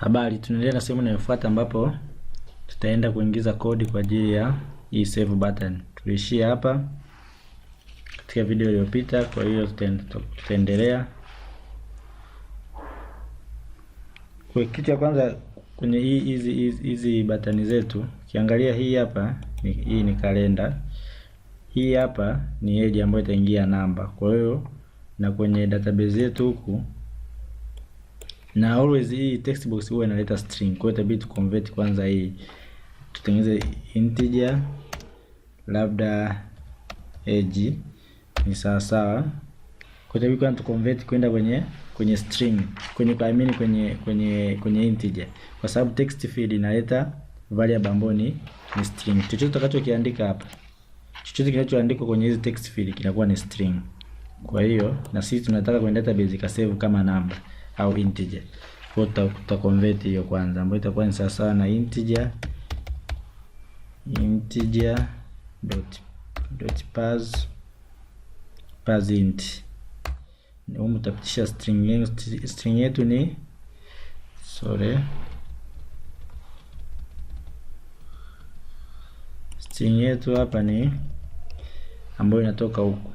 Habari, tunaendelea na sehemu inayofuata ambapo tutaenda kuingiza kodi kwa ajili ya hii save button. Tuliishia hapa katika video iliyopita, kwa hiyo tutaendelea. Kwa kitu ya kwanza kwenye hii hizi hizi button zetu, ukiangalia hii hapa ni, hii ni kalenda, hii hapa ni head ambayo itaingia namba. Kwa hiyo na kwenye database yetu huku na always hii text box huwa inaleta string, kwa hiyo itabidi tu convert kwanza hii, tutengeneze integer labda age ni sawa sawa, kwa hiyo kwanza tu convert kwenda kwenye kwenye string kwenye kwa amini kwenye kwenye kwenye integer, kwa sababu text field inaleta variable ambayo ni ni string. Chochote utakachokiandika hapa, chochote kinachoandikwa kwenye hizi text field kinakuwa ni string. Kwa hiyo na sisi tunataka kwenye database ikasave kama namba au integer. Kwa hiyo convert hiyo kwanza ambayo itakuwa ni sawa sawa na integer integer dot dot pass pass int. Humu mtapitisha string yetu string yetu ni sorry string yetu hapa ni ambayo inatoka huku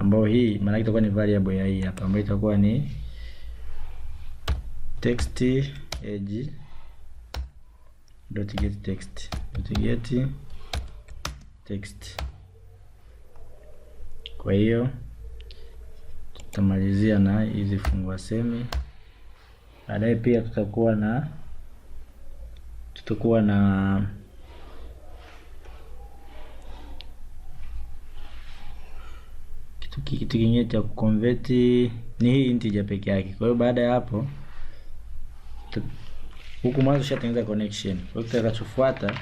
ambayo hii maana itakuwa ni variable ya hii hapa ambayo itakuwa ni text age dot get text dot get text. Kwa hiyo tutamalizia na hizi fungua semi, baadaye pia tutakuwa na tutakuwa na kitu kingine cha kuconvert ni hii integer peke yake. Kwa hiyo baada ya hapo huku mwanzo ushatengeneza connection. Kwa hiyo kitakachofuata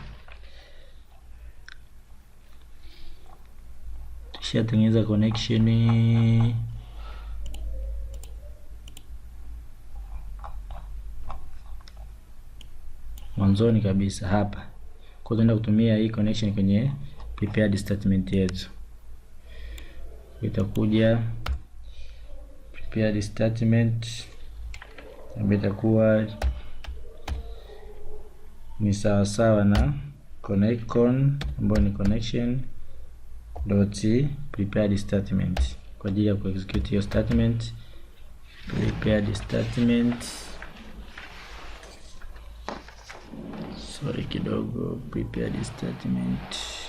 shatengeneza connection mwanzoni kabisa hapa. Kwa hiyo tunaenda kutumia hii connection kwenye prepared statement yetu itakuja prepared statement ambayo itakuwa ni sawasawa na connectcon ambayo ni connection dot prepared statement kwa ajili ya kuexecute hiyo statement prepared statement sorry kidogo prepared statement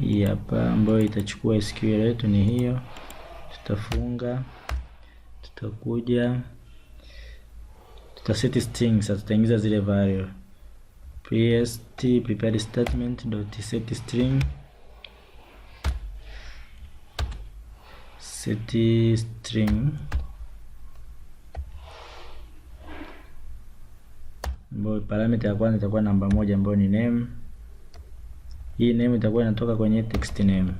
hii hapa ambayo itachukua SQL yetu ni hiyo. Tutafunga, tutakuja, tutaseti Sasa tutaingiza zile value PST prepared statement dot set string set string ambayo parameter ya kwanza itakuwa namba moja ambayo ni name hii name itakuwa inatoka kwenye text name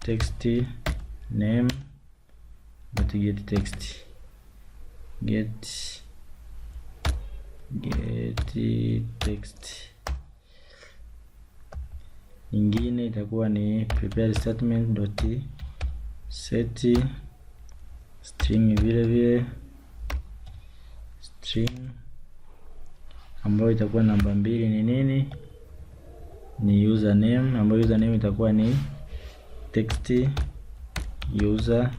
text name but get text get get text nyingine itakuwa ni prepare statement dot set string vile vile string ambayo itakuwa namba mbili ni nini? Ni username ambayo username itakuwa ni text user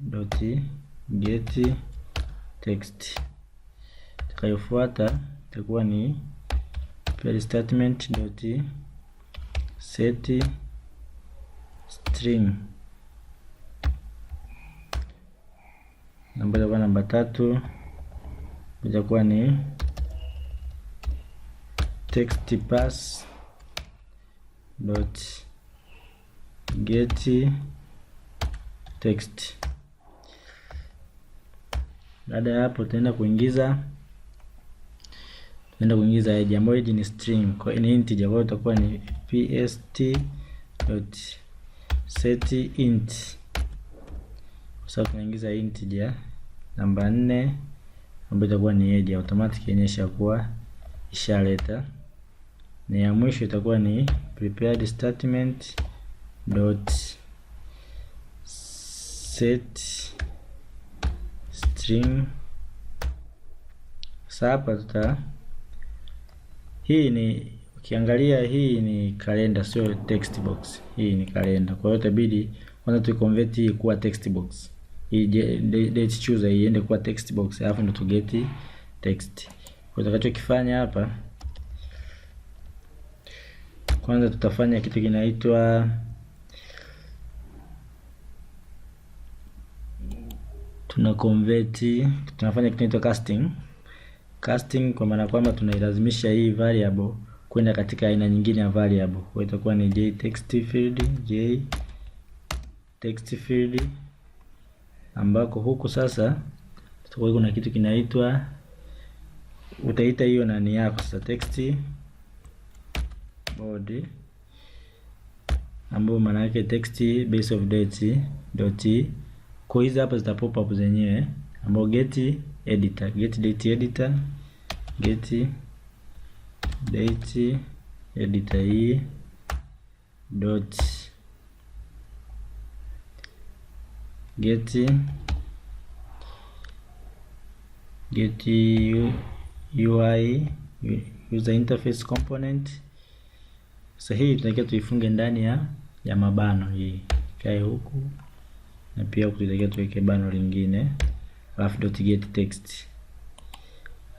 dot get text. Itakayofuata itakuwa ni per statement dot set string ambayo itakuwa namba tatu itakuwa ni text pass dot get text. Baada ya hapo, tunaenda kuingiza tunaenda kuingiza id ambayo id ni string, kwa hiyo ni integer, kwa hiyo itakuwa ni pst dot set int. kwa sababu tunaingiza integer namba 4 ambayo itakuwa ni id, automatic inaonyesha kuwa ishaleta na ya mwisho itakuwa ni prepared statement dot set string. Sasa hapa tuta hii ni ukiangalia, hii ni kalenda, sio text box. Hii ni kalenda, kwa hiyo itabidi kwanza tu convert hii kuwa text box, hii date chooser iende kuwa text box, alafu ndo tugeti text. Kwa hiyo utakachokifanya hapa kwanza tutafanya kitu kinaitwa tuna convert, tunafanya kitu kinaitwa casting. Casting kwa maana kwamba tunailazimisha hii variable kwenda katika aina nyingine ya variable, kwa itakuwa ni j text field, j text field, ambako huku sasa tutakuwa kuna kitu kinaitwa utaita hiyo nani yako sasa text od ambayo maana yake text base of date dot kwa hizi hapa zita pop up zenyewe ambayo get editor get date editor get date editor hii dot get get UI user interface component sasa hii tunatakiwa tuifunge ndani ya ya mabano hii kae huku, na pia huku tunatakiwa tuweke bano lingine, alafu dot get text,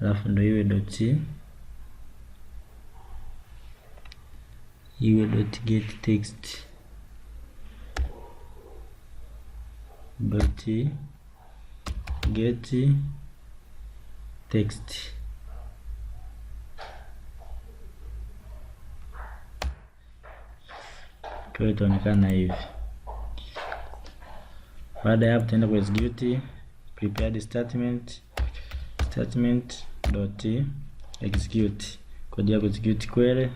alafu ndio iwe dot iwe dot get text dot get text Kwa hiyo itaonekana hivi. Baada ya hapo tutaenda kwa execute prepared statement statement dot execute kwa ajili ya execute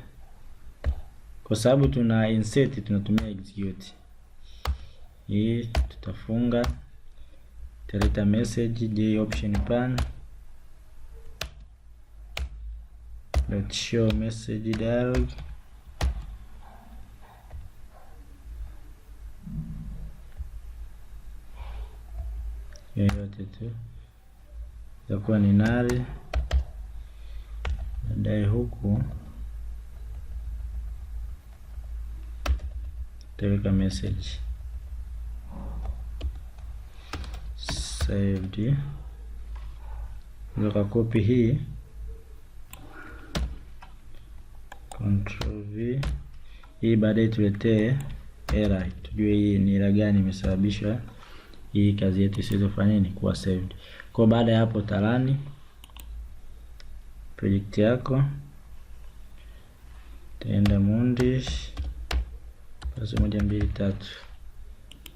kwa sababu tuna insert tunatumia execute hii. Tutafunga, tutaleta message j option pan dot show message dialog yoyote tu, itakuwa ni nari. Baadaye huku taweka message saved, ndoka kopi hii control v hii, baadaye tuletee error, tujue hii ni error gani imesababishwa hii kazi yetu isizofanya ni kuwa saved. Kwa baada ya hapo utarani project yako taenda mundi pasi moja mbili tatu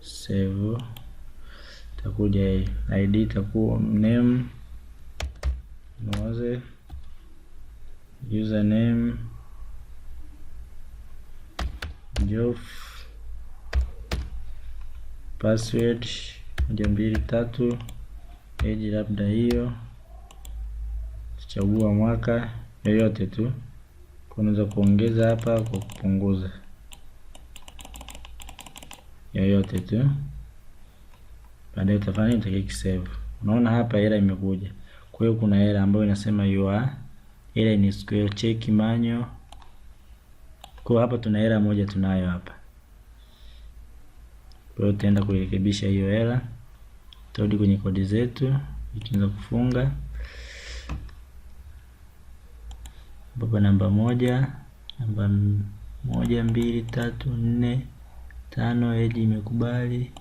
save, takuja hii id itakuwa name moze username jof password moja mbili tatu, eji labda hiyo, chagua mwaka yoyote tu, kunaweza kuongeza hapa kwa kupunguza yoyote tu, baadaye utafanya utakiki save. Unaona hapa hela imekuja, kwa hiyo kuna hela ambayo inasema are hela ni square check manyo. Kwa hapa tuna hela moja tunayo hapa, kwa hiyo tutaenda kuirekebisha hiyo hela. Tutarudi kwenye kodi zetu, tunaweza kufunga ambapo namba moja, namba moja, mbili, tatu, nne, tano, eji imekubali.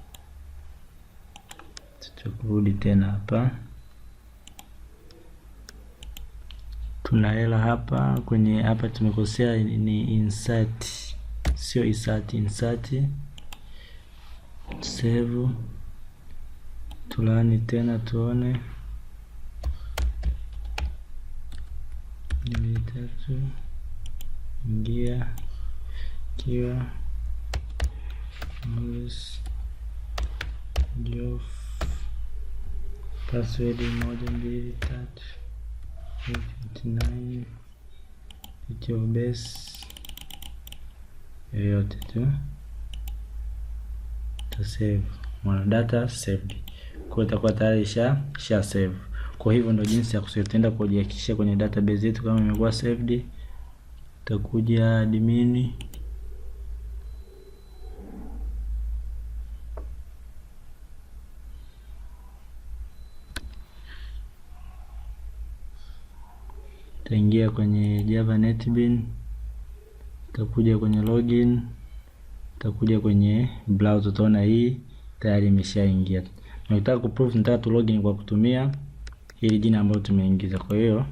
Tutakurudi tena hapa, tuna hela hapa kwenye hapa, tumekosea ni insert, sio insert, insert save tulani tena tuone mbili tatu, ingia kiwa jof password moja mbili tatu base yoyote tu tasave mwana data saved kwa itakuwa tayari sha sha save. Kwa hivyo ndio jinsi ya kusave. Tutaenda kujihakikisha kwenye database yetu kama imekuwa saved. Tutakuja admin taingia kwenye Java NetBeans, utakuja kwenye login, utakuja kwenye browser, utaona hii tayari imeshaingia. Tunataka kuprove nataka tu login kwa kutumia hili jina ambalo tumeingiza. Kwa hiyo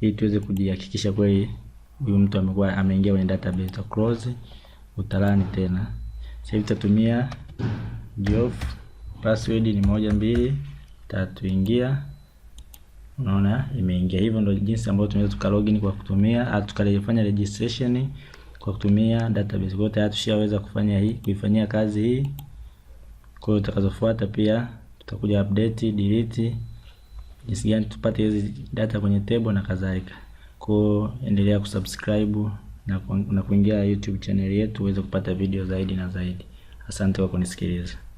ili tuweze kujihakikisha kweli huyu mtu amekuwa ameingia kwenye database, to close utalani tena. Sasa hivi tutatumia geof password ni moja mbili tatu, ingia. Unaona imeingia. Hivyo ndio jinsi ambayo tunaweza tuka login kwa kutumia au tukalifanya registration kwa kutumia database. Kwa hiyo tayari tushaweza kufanya hii kuifanyia kazi hii. Kwa hiyo utakazofuata pia tutakuja update, delete, jinsi gani tupate hizi data kwenye table na kadhalika. Kwa endelea kusubscribe na kuingia YouTube channel yetu uweze kupata video zaidi na zaidi. Asante kwa kunisikiliza.